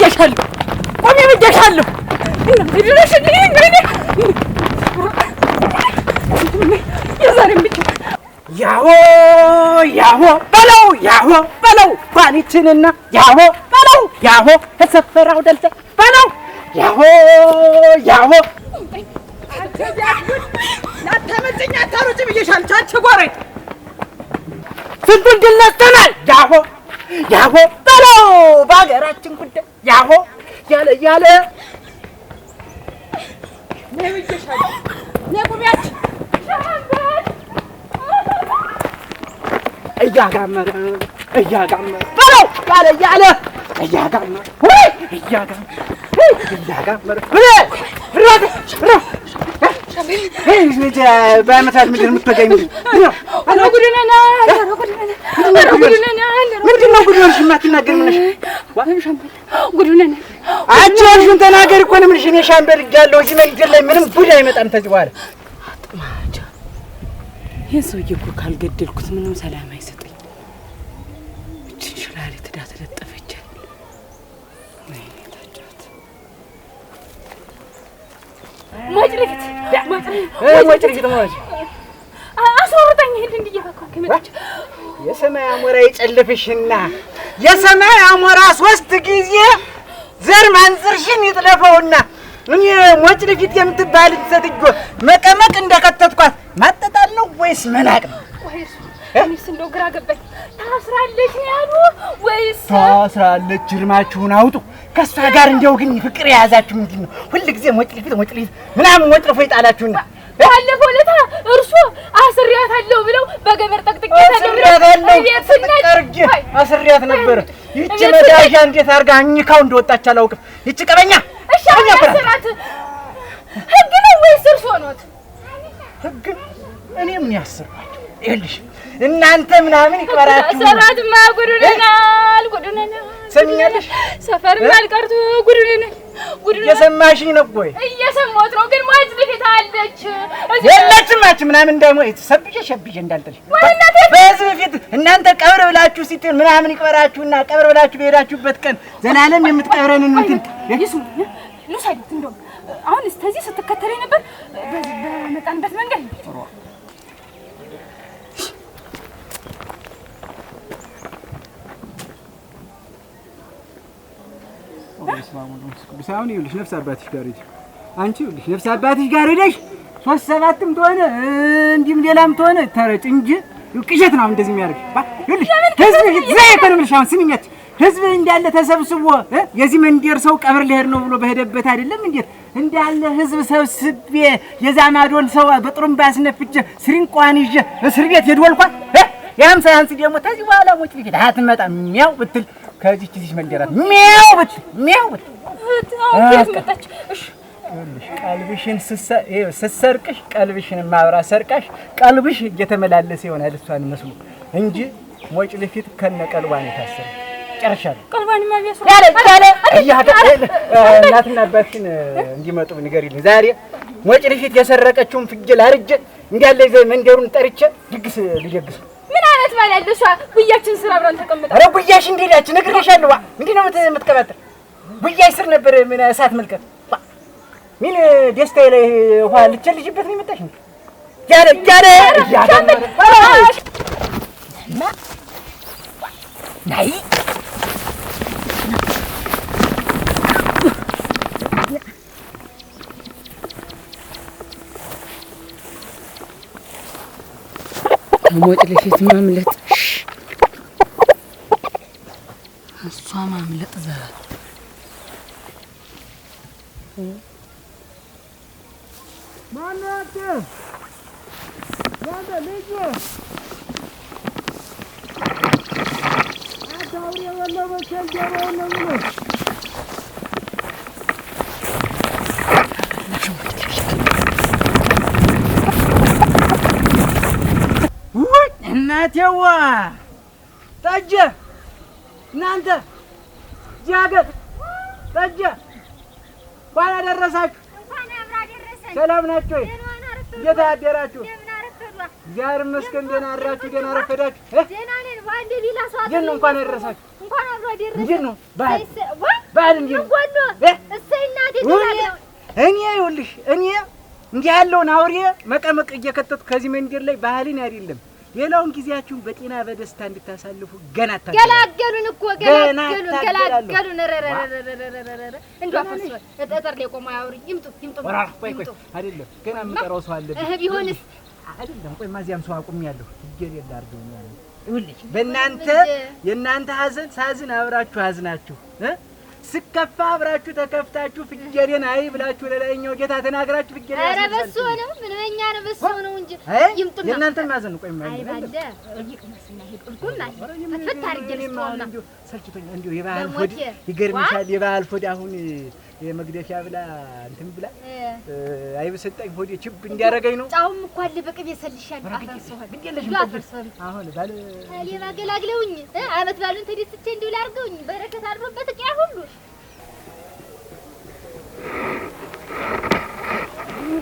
ብዬሻለሁ፣ ቆሜ ብዬሻለሁ። ያሆ ያሆ በለው ያሆ በለው ባኒችንና ያሆ በለው ያሆ ተሰፈራው ደልተ በለው ያሆ ያሆ ላታመልጠኝ አታሮጭ ብዬሻለሁ። ቻንች ጓሬ ስንቱን ድል ነስተናል። ያሆ ያሆ በለው በሀገራችን ጉዳይ ያሆ ያለ ያለ እያጋመረ እያጋመረ በለው ያለ ያለ እያጋመረ እያጋመረ ምድር የምትገኝ ምንድነው ጉድ ሆንሽ? አንቺ ሆንሽን እኮ ነው የምልሽ። እኔ ሻምበል እያለሁ እዚህ መንገድ ላይ ምንም ጉድ አይመጣም። ተዚህ በኋላ ይህን ሰውዬ እኮ ካልገደልኩት ምንም ሰላም አይሰጠኝ። እችን ሽላሌ ትዳ ተለጠፈች። ሞጭሪት ሞጭሪት ሞጭሪት ጥላኝ ሄድ እንድየባከው ከመጣች የሰማይ አሞራ ይጨልፍሽና የሰማይ አሞራ ሶስት ጊዜ ዘር ማንዝርሽን ይጥለፈውና እኔ ሞጭ ልፊት የምትባል ሴትዮ መቀመቅ እንደከተትኳት ማጠጣል ወይስ መናቅ ነው? እኔስ እንደው ግራ ገባኝ። ታስራለች ያሉ ወይስ ታስራለች? እርማችሁን አውጡ። ከእሷ ጋር እንደው ግን ፍቅር የያዛችሁ ምንድን ነው? ሁልጊዜ ሞጭ ልፊት ሞጭ ልፊት ምናምን ሞጭ ልፎ ይጣላችሁና ባለፈው ዕለት እርሶ አስሪያታለሁ ብለው በገበር ጠቅጥቄ አስሪያት ነበር። ይቺ መዳዣ እንዴት አድርጋ አኝካው እንደወጣች አላውቅም። ይቺ ቀበኛ እሻራት ህግ ነው ወይስ እርሶ ኖት? ህግ እኔ ምን ያስባቸው? ይኸውልሽ እናንተ ምናምን ይቀራችሁ ሰራት ማ ጉዱንናል ሰሚኛለሽ ሰፈርም አልቀርቱ ጉዱንናል እየሰማሽኝ ነው ወይ? እየሰማሁት ነው፣ ግን ሟች ልፊት አለች የለችም። አንቺ ምናምን እንዳይሞት ሰብዤ ሸብዤ እንዳልጥልሽ በዚህ በፊት እናንተ ቀብር ብላችሁ ሲትል ምናምን ይቅበራችሁና ቀብር ብላችሁ በሄዳችሁበት ቀን ዘላለም የምትቀብረን እንትን ሉሳይት እንደውም አሁን እስከዚህ ስትከተለኝ ነበር በመጣንበት መንገድ ሳሁን ይኸውልሽ ነፍስ አባትሽ ጋር ሂጂ። አንቺ ይኸውልሽ ነፍስ አባትሽ ጋር ሂደሽ ሶስት ሰባትም ተሆነ እንዲህም ሌላም ተሆነ ተረጭ እንጂ ቅዠት ነው እንደዚህ የሚያደርግሽ። ይኸውልሽ ህዝብ እንዳለ ተሰብስቦ የዚህ መንደር ሰው ቀብር ልሄድ ነው ብሎ በሄደበት አይደለም እንዴት እንዳለ ህዝብ ሰብስቤ የዛ ማዶን ሰው በጥሩምባ አስነፍቼ ስሪንቋን ይዤ እስር ቤት የድወልኳት የሀምሳ ህንጽ ደግሞ ተዚህ በኋላ ሞጭ ልጅ ሀያት መጣ ብትል ከዚህ ትዚህ መንደራት ሚያው ብት ሚያው ብት ቀልብሽን ስትሰርቅሽ ቀልብሽን ማብራ ሰርቀሽ ቀልብሽ እየተመላለሰ ይሆናል እሷን መስሎ እንጂ ሞጭ ልፊት ከነ ቀልቧን የታሰረ ጨርሻለሁ። ቀልቧንማ እናትና አባትሽን እንዲመጡ ንገሪልኝ። ዛሬ ሞጭ ልፊት የሰረቀችውን ፍየል አርጀ እንዳለ መንደሩን ጠርቼ ድግስ ልደግስ ኧረ ጉያሽ እንዴት ነግሬሻለሁ። ነው የምትቀባጥር። ጉያሽ ስር ነበር ምን እሳት መልከት ምን ደስታ ላይ ውሃ ልትቸልጅበት ነው የመጣሽ እንዴ? ያረ ያረ ናይ መውጭ ለፊት ማምለጥ እሷ ማምለጥ ዘራት Thank you. እናቴዋ ጠጀ እናንተ ጃገር ጠጀ ባላ አደረሳችሁ ሰላም ናችሁ? እንዴት አደራችሁ? እግዚአብሔር ይመስገን። ደህና አድራችሁ? ደህና አረፈዳችሁ? ግን እንኳን አደረሳችሁ። እንዴት ነው ባህል? ባህል እንዴት ነው? እኔ ይኸውልሽ እኔ እንዲህ ያለውን አውሬ መቀመቅ እየከተትኩ ከዚህ መንገድ ላይ ባህልን አይደለም ሌላውን ጊዜያችሁን በጤና በደስታ እንድታሳልፉ ገና ታገሉ። ገላገሉን እኮ ገላገሉን፣ ገላገሉን። እንደው ጠጠር ላይ ቆሞ አያወሩኝ። ይምጡ፣ ይምጡ። ቆይ ቆይ፣ አይደለም ገና የምጠራው ሰው አለ። እህ ቢሆንስ አይደለም። ቆይ ማዚያም ሰው አቁሜያለሁ። ይገል የለ አድርገው በእናንተ የእናንተ ሀዘን ሳዝን አብራችሁ አዝናችሁ ስከፋ አብራችሁ ተከፍታችሁ ፍየሬን አይ ብላችሁ ለላይኛው ጌታ ተናግራችሁ ፍየሬ አረ በሱ ነው ምንኛ ነው በሱ ነው እንጂ ይምጡና እናንተ ማዘን ቆይ ማለት ነው። አይባደ ይቅመስና ይቅልኩም ማለት ፈታ አርጀልስቶና ሰልችቶኛ እንዲሁ የባህል ሆድ ይገርምሻል። የባህል ሆድ አሁን የመግደፊያ ብላ እንትን ብላ አይብ ሰጣኝ ሆዴ ችብ እንዲያረጋኝ ነው። ጫውም እኮ አለ በቅቤ ሰልሻለሁ። አመት ባሉን ተደስቼ እንዲሁ ላድርገውኝ በረከት አድሮበት ሁሉ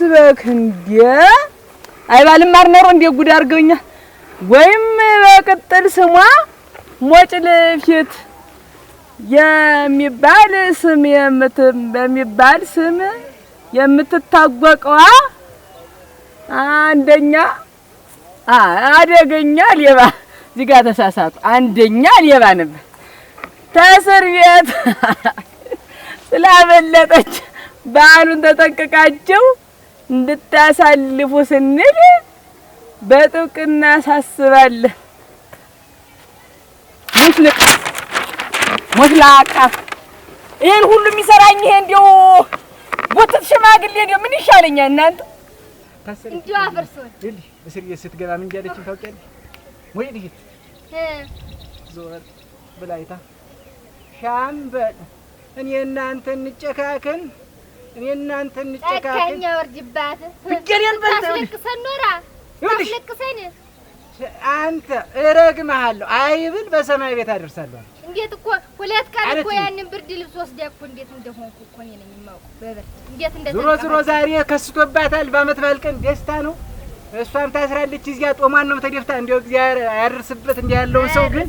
ተውት እባክህ። እንደ አይባልም አርነሮ እንደ ጉድ አድርገውኛል። ወይም በቅጥል ስሟ ሞጭ ልፊት የሚባል ስም በሚባል ስም የምትታወቀዋ አንደኛ አደገኛ ሌባ እዚህ ጋር ተሳሳቱ። አንደኛ ሌባ ነበር። ተእስር ቤት ስላመለጠች በዓሉን ተጠንቅቃቸው እንድታሳልፉ ስንል በጥብቅ እናሳስባለን። ሙስልቅ ሙስላቃ ይህን ሁሉ የሚሰራኝ ይሄ እንዲያው ቦትት ሽማግሌ እንዲያው ምን ይሻለኛል እናንተ እንዲያው ይልህ እስር ቤት ስትገባ ምን ታውቂያለሽ ወይ? ዞር ብላይታ ሻምበል እኔ እናንተ እንጨካክን እኔ እናንተ እንጨካከኝ ወርጅባት ፍቅሬን በልታስለቅሰን ኖራ ታስለቅሰን አንተ እረግምሃለሁ አይብል በሰማይ ቤት አደርሳለሁ አለች። እንዴት እኮ ሁለት ቀን እኮ ያንን ብርድ ልብስ ወስዳ እኮ እንዴት እንደሆንኩ እኮ እኔ ነኝ የማውቀው በበር እንዴት እንደ ዞሮ ዞሮ ዛሬ ከስቶባታል። በዓመት በዓል ቀን ደስታ ነው። እሷም ታስራለች። እዚያ ጦሟን ነው ተደፍታ። እንዲያው እግዚአብሔር አያደርስበት እንዲህ ያለውን ሰው ግን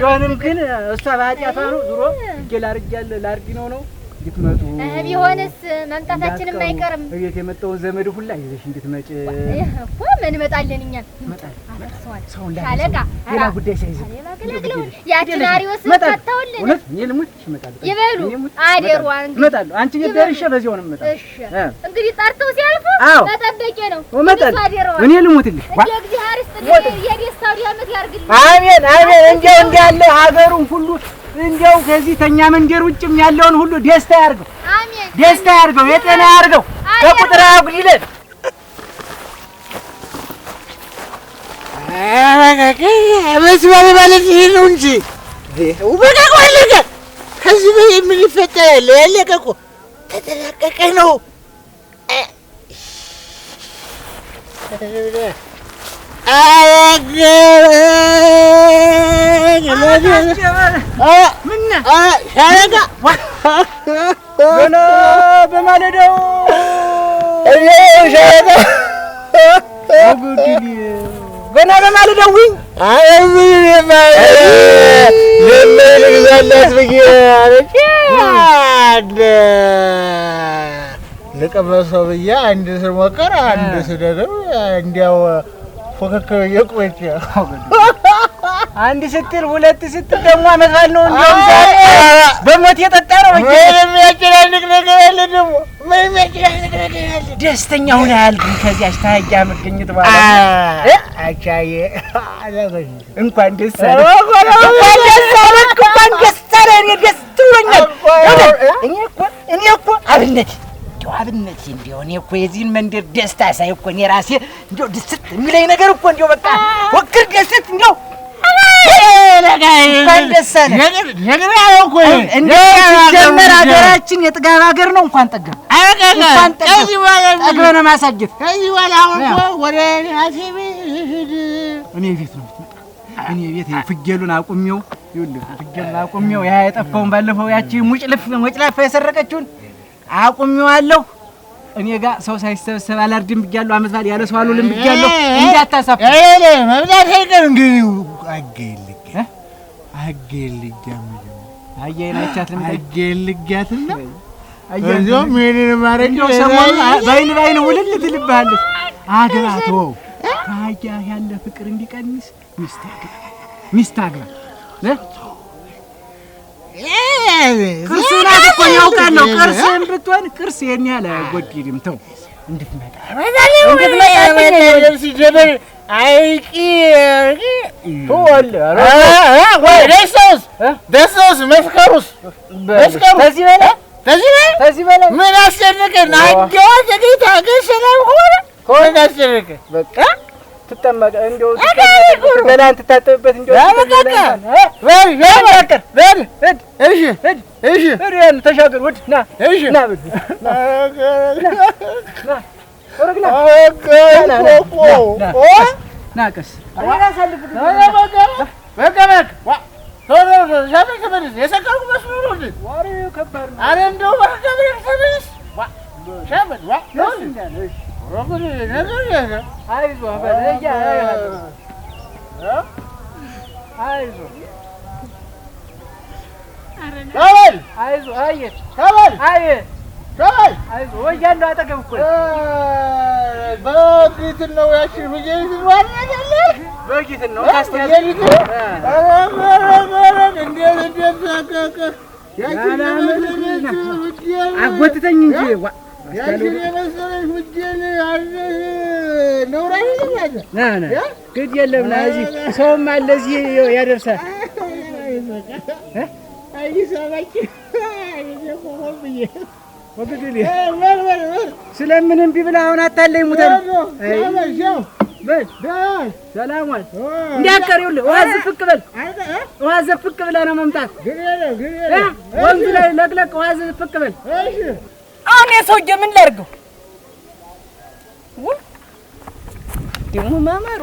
ቢሆንም ግን እሷ በኃጢአቷ ነው ዞሮ እጄ ላርጃል ላርዲ ነው ነው እንድትመጡ ቢሆንስ መምጣታችንም አይቀርም። እቤት የመጣውን ዘመድ ሁላ ይዘሽ እንድትመጪ እኮ ምን እመጣለን እኛም ሻለቃ ሌላ ጉዳይ ሳይዘን ያችን አሪዎስ ፈታውልን ይበሉ አደሯን እመጣለሁ። አንቺ ቤት ደርሼ በዚያው ነው የምመጣው። እንግዲህ ጠርተው ሲያልፉ መጠበቄ ነው። እኔ ልሙትልሽ እግዚአብሔር ይስጥልኝ፣ የደስታው ዓመት ያድርግልኝ። አሜን አሜን። እንዲያው እንዳለ ሀገሩን ሁሉ እንዲያው ከዚህ ተኛ መንገድ ውጭም ያለውን ሁሉ ደስታ ያርገው፣ ደስታ ያርገው፣ የጤና ያርገው፣ በቁጥር ይለን። በስመ አብ ማለት ይሄ ነው እንጂ በቃ እኮ ከዚህ በይ ምን ያለ ያለቀ እኮ ተጠናቀቀ ነው። በማለዳው ገና በማለዳው ልግዛላት ብዬ ብዬ አንድ ስሞክር አንድ ስደግም እንዲያው ፉክክር አንድ ስትል ሁለት ስትል ደግሞ አመሳል ነው። እንደውም በሞት የጠጣ ነው። ምንም ያጨናንቅ ነገር ያለ ደግሞ ነገር ደስተኛ ሁን አያልኩም። ከዚያች ታህያ ምገኝት እንኳን ደስ አለ እንኳን ደስ እኔ እኔ እኔ እኮ አብነት እንደው አብነት እንደው እኔ እኮ የዚህን መንደር ደስታ ሳይ እኮ እኔ ራሴ እንደው ድስት የሚለኝ ነገር እኮ እንደው በቃ ወክር ደስት እንደው ሲጀመር ሀገራችን የጥጋብ ሀገር ነው። እንኳን ጠገብ እንኳን ጠገብ ነው ማሳጀት እኔ ቤት ነው እኔ ቤት ፍየሉን አቁሜው ፍየሉን አቁሜው ያ የጠፋውን ባለፈው ያቺ ሙጭልፍ ወጭላፋ የሰረቀችውን አቁሜዋለሁ። እኔ ጋር ሰው ሳይሰበሰብ አላርድም ብያለሁ። አመት በዓል ያለ ሰው አልውልም ብያለሁ። እንዳታሳፍ መብላት አይቀር እንግዲህ አገልግ አገልግ አያይናቻትም አገልጋትም ነው እዚሁም ይህንን ማረኛው ሰሞኑን በአይን በአይን ውልል ትልብሃለች። አግባቶ ከአያ ያለ ፍቅር እንዲቀንስ ሚስት አግባ ሚስት አግባ ቅርሱ ናት እኮ እኔ አውቃለሁ። ብትሆን ቅርስ የእኔ አላጎድልም። ተው እንድትመጣ ሲጀመር አይቂ በላይ ምን አስጨነቀን? ትጠመቀ እንደው ገና ትታጠብበት እንደው ተሻገር ወድ ና ና ና አይዞህ በለው እያደረግህ አይዞህ ና ና፣ ግድ የለም ና። እዚህ ሰውም አለ እዚህ ያደርሳል። ስለምንም ቢብላ አሁን አታለኝ ሙተር በል ሰላም ዋል። እንዲያከሪውልህ ውሃ ዝፍቅ በል ውሃ ዝፍቅ ብለህ ነው መምጣት። ወንዙ ላይ ለቅለቅ ውሃ ዝፍቅ በል። አሁን የሰውዬ ምን ላድርገው? ደግሞ ማማሯ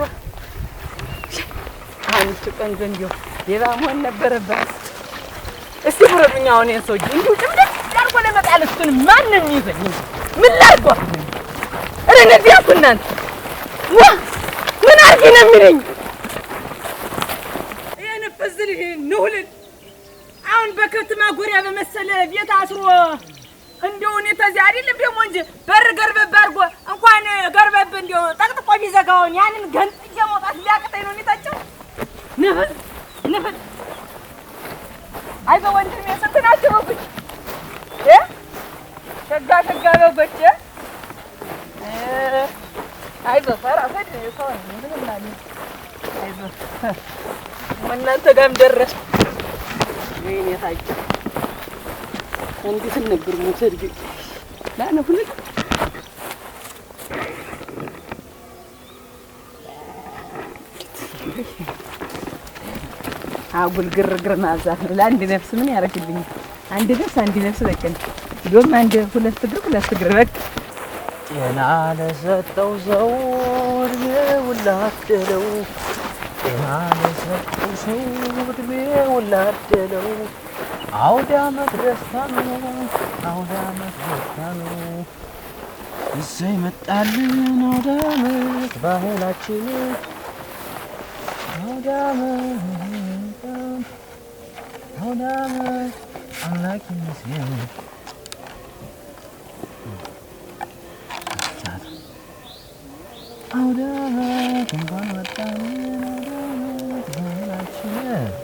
አንቺ ቀንጆ እንዲሁ ሌባ መሆን ነበረባት። እስቲ ፍረዱኝ። አሁን ይሄን ሰውዬ እንዲሁ ጭምድት ዳርጎ ለመጣል እሱን ማንን ይዘኝ ምን ላርጎ እኔ ነዚህ ያልኩ እናንተ ዋ ምን አርጊ ነው የሚለኝ? ይህን ፍዝልህ ንሁልን አሁን በከብት ማጎሪያ በመሰለ ቤት አስሮ እንደው እኔ ተዚህ አይደለም ደግሞ እንጂ በር ገርበብ አድርጎ እንኳን ገርበብ እንደው ጠቅጥቆ ቢዘጋውን ያንን ገንጥዬ መውጣት ሊያቅተኝ ነው። ኔታቸው ንፍል ንፍል አይዞህ ወንድሜ ስንት ናቸው በጎች ሸጋ ሸጋ በጎች እ አይዞህ ፈራፈድ ሰው ምንም ናለ አይዞህ እናንተ ጋርም ደረስኩ ይኔታቸው አንዲትን ነበር መውሰድ ላነ ሁለት አጉል ግርግር ማብዛት ነው። ለአንድ ነፍስ ምን ያደርግልኛል? አንድ ነፍስ አንድ ነፍስ በቃ እንደውም አንድ ሁለት እግር ሁለት እግር በቃ ጤና ለሰጠው ሰው እድሜውን ላደለው ጤና ለሰጠው ሰው እድሜውን ላደለው Audama ደስታኑ አውዳመ ደስታኑ እሰይ መጣልን አውዳመት ባህላችን አውዳመ አውዳመ አምላክ ይመስገን። አውዳመት እንኳን መጣልን አውዳመት ባህላችን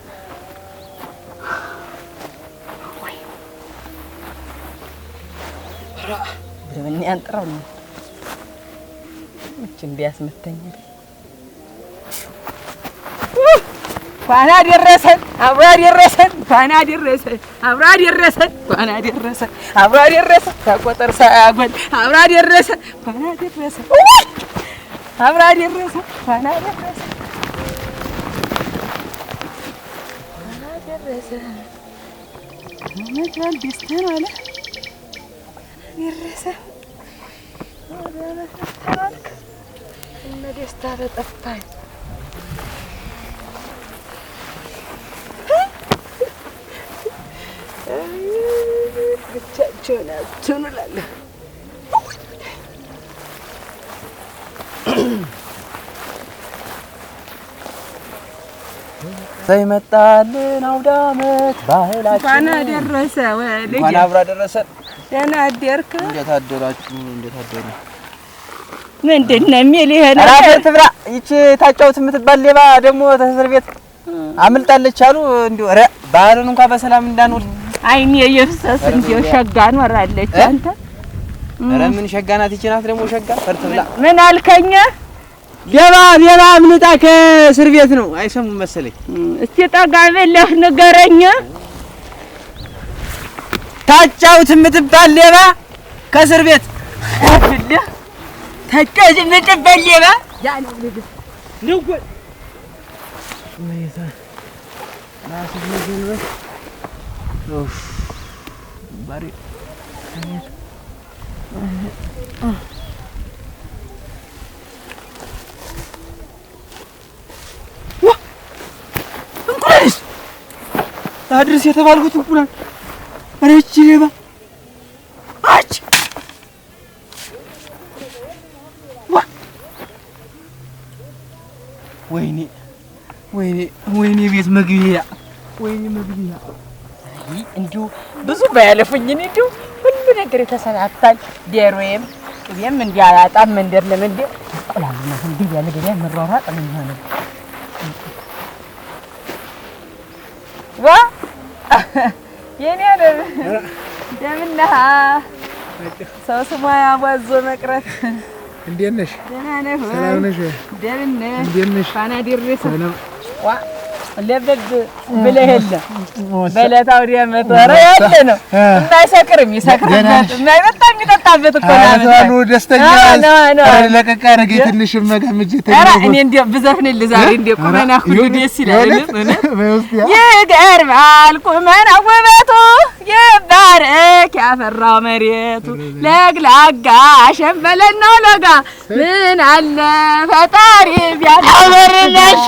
ያንጥረው ነው እች እንዲ ያስመተኛል። ደረሰን አብራ ደረሰን ፋና ደረሰን አብራ ደረሰን ፋና ደረሰን አብራ ደረሰን ታቆጠር ሳያጎል አብራ ደረሰን ፋና ደረሰን አብራ ደረሰን ፋና ደረሰን ፋና ደረሰን መቻል ደስተን አለ ደረሰን እነ ደስታ ተጠፋኝ። ብቻቸውን ያቱን እላለሁ። ሳይመጣልን አውዳመት ባህላችን እንኳን አደረሰ። እንኳን አብሮ አደረሰን። ደህና አደርክ? እንዴት አደራችሁ? እንዴት አደሩ? ምንድን ነው የሚል ይሄ ነው። አራፈ ትብራ ይቺ ታጫውት የምትባል ሌባ ደግሞ እስር ቤት አምልጣለች አሉ። እንዲሁ ኧረ ባህሉን እንኳን በሰላም እንዳንውል አይኔ የፍሰስ እንዲሁ ሸጋ ኖራለች። አንተ ኧረ ምን ሸጋ ናት ይቺ ናት ደግሞ ሸጋ ፈርትብላ ምን አልከኝ? ሌባ ሌባ አምልጣ ከእስር ቤት ነው አይሰሙም መሰለኝ። እስቲ ጠጋ ብለህ ንገረኝ። ታጫውት የምትባል ሌባ ከእስር ቤት ተጫውት የምትባል ሌባ እንቁላልስ አድርስ የተባልኩት እንቁላል ጅባ አች ወይኔ ወይኔ ወይኔ ቤት መግቢያ ወይኔ መግቢያ እንዲሁ ብዙ ባያለፉኝን እንዲሁ ሁሉ ነገር የተሰናታል። ዴሮዬም ቅቤም እንዲህ አላጣም። መንደር ለመንደር ቁላልነት እንዲህ ያለ ገበያ መሯሯጥ ነው የሚሆነው። ዋ የኔ አደም እንደምን ሰው ስሟ አቧዞ መቅረት። እንዴት ነሽ? ደህና ነህ? ሰላም ነሽ? እንደምን እንዴት ነሽ? ፋና ዲሬሳ ዋ ልብብ ብለህ የለ በለታው ዲ መጠረ ያለ ነው። የማይሰክርም ይሰክርበት፣ የማይጠጣ የሚጠጣበት እኮ ነው። ደስተኛ ለቀቅ አደረገኝ። ትንሽ መገምጅ እኔ እንዲያው ብዘፍንልህ ዛሬ እንዲያው ቁመና ሁሉ ደስ ይላል። ይገርማል ቁመና ውበቱ ይባረክ ያፈራው መሬቱ ለግላጋ ሸንበለን ነው ለጋ ምን አለ ፈጣሪ ቢያዳበርላሻ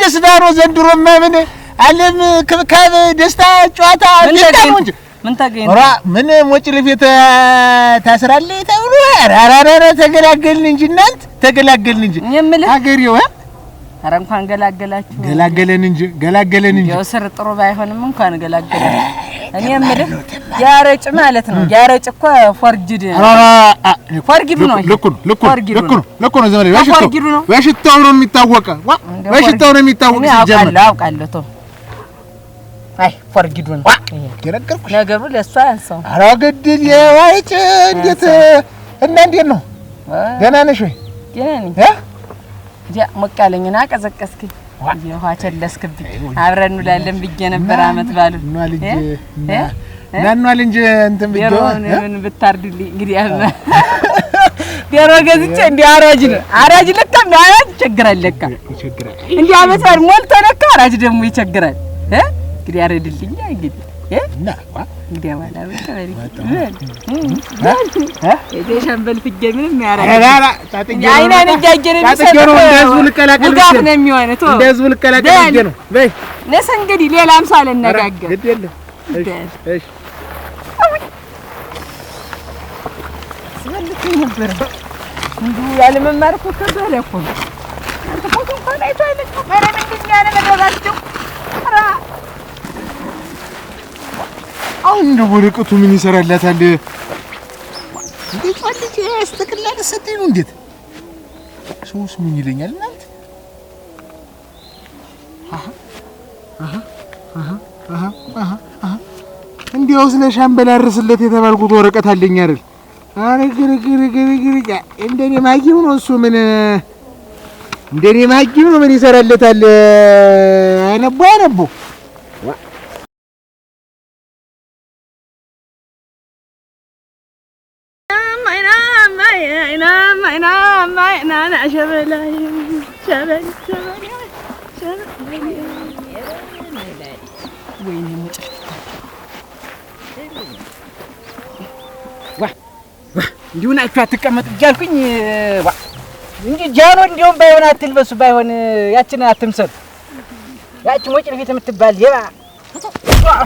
ደስታ ነው። ዘንድሮ ማምን አለም ክብካብ፣ ደስታ፣ ጨዋታ ደስታ ነው እንጂ ምን ታገኝ ምን ሞጭ ልፌት ታስራለህ ተብሎ ኧረ ኧረ ተገላገልን እንጂ እናንት ተገላገልን እንጂ እኔ የምልህ አገሬው ኧረ እንኳን ገላገላችሁ። ገላገለን እንጂ ገላገለን እንጂ ያው ጥሩ ባይሆንም እንኳን ገላገለን። እኔ የምልህ ያረጭ ማለት ነው። ያረጭ እኮ ፎርጅድ ፎርጊዱ ነው። ልኩ ነው፣ ልኩ ነው፣ ልኩ ነው። ዘመዴ በሽታው ነው የሚታወቀው፣ በሽታው ነው የሚታወቀው። አውቃለሁ፣ አውቃለሁ። ተው አይ ፎርጊዱ ነው ነገሩ ለእሷ ያንሰው። ኧረ ግድል የዋይጭ እንዴት እና እንዴት ነው? ደህና ነሽ ወይ? ደህና ነኝ። ሞቅ ያለኝና ቀዘቀስክኝ፣ የውሃ ቸለስክብኝ። አብረን እንውላለን ብዬ ነበር። አመት ባሉ ናኗል እንጂ እንትን ብዬ ምን ብታርድልኝ እንግዲህ ዶሮ ገዝቼ እንዲህ አራጅ ነው አራጅ ለካ ነው አራጅ ይቸግራል። ለካ እንዲህ አመት ባል ሞልቶ ለካ አራጅ ደግሞ ይቸግራል። እንግዲህ አረድልኛ እንግዲህ እንግዲህ በኋላ ብቻ በል የሻምበል ፍጌ ምንም ያደርጋል። አይናን እጃጀር የሚሰጠው ውጋት ነው የሚሆነው። እንደ ህዝቡ ልቀላቀል ነው ነሰ እንግዲህ ሌላም ሳልነጋገር ስበልኩኝ ነበረ እንዲሁ ያለመማር እኮ ከባድ እኮ ነው። አንተ ፎቶ እንኳን አይቶ አይመጡም። ኧረ ምንድን ነው ያለመረባቸው አንድ ወረቀቱ ምን ይሰራላታል? እንዴት ወልጄ ያስተክላል ሰጠኝ ነው። እንዴት ሰውስ ምን ይለኛል? እናንተ እንዲያውስ ለሻምበል አርስለት የተባልኩት ወረቀት አለኝ አይደል? አረ ግር ግር ግር ግርግር እንደኔ ማጊም ነው እሱ። ምን እንደኔ ማጊም ነው ምን ይሰራለታል? አነቦ አነቦ አይናም አይናም አይናና እንዲሁን አይቼ አትቀመጥ እያልኩኝ እንጂ ጃኖ እንዲሁም ባይሆን አትልበሱ ባይሆን ያችን አትምሰል ያችን ወጭ ልፊት የምትባል የባ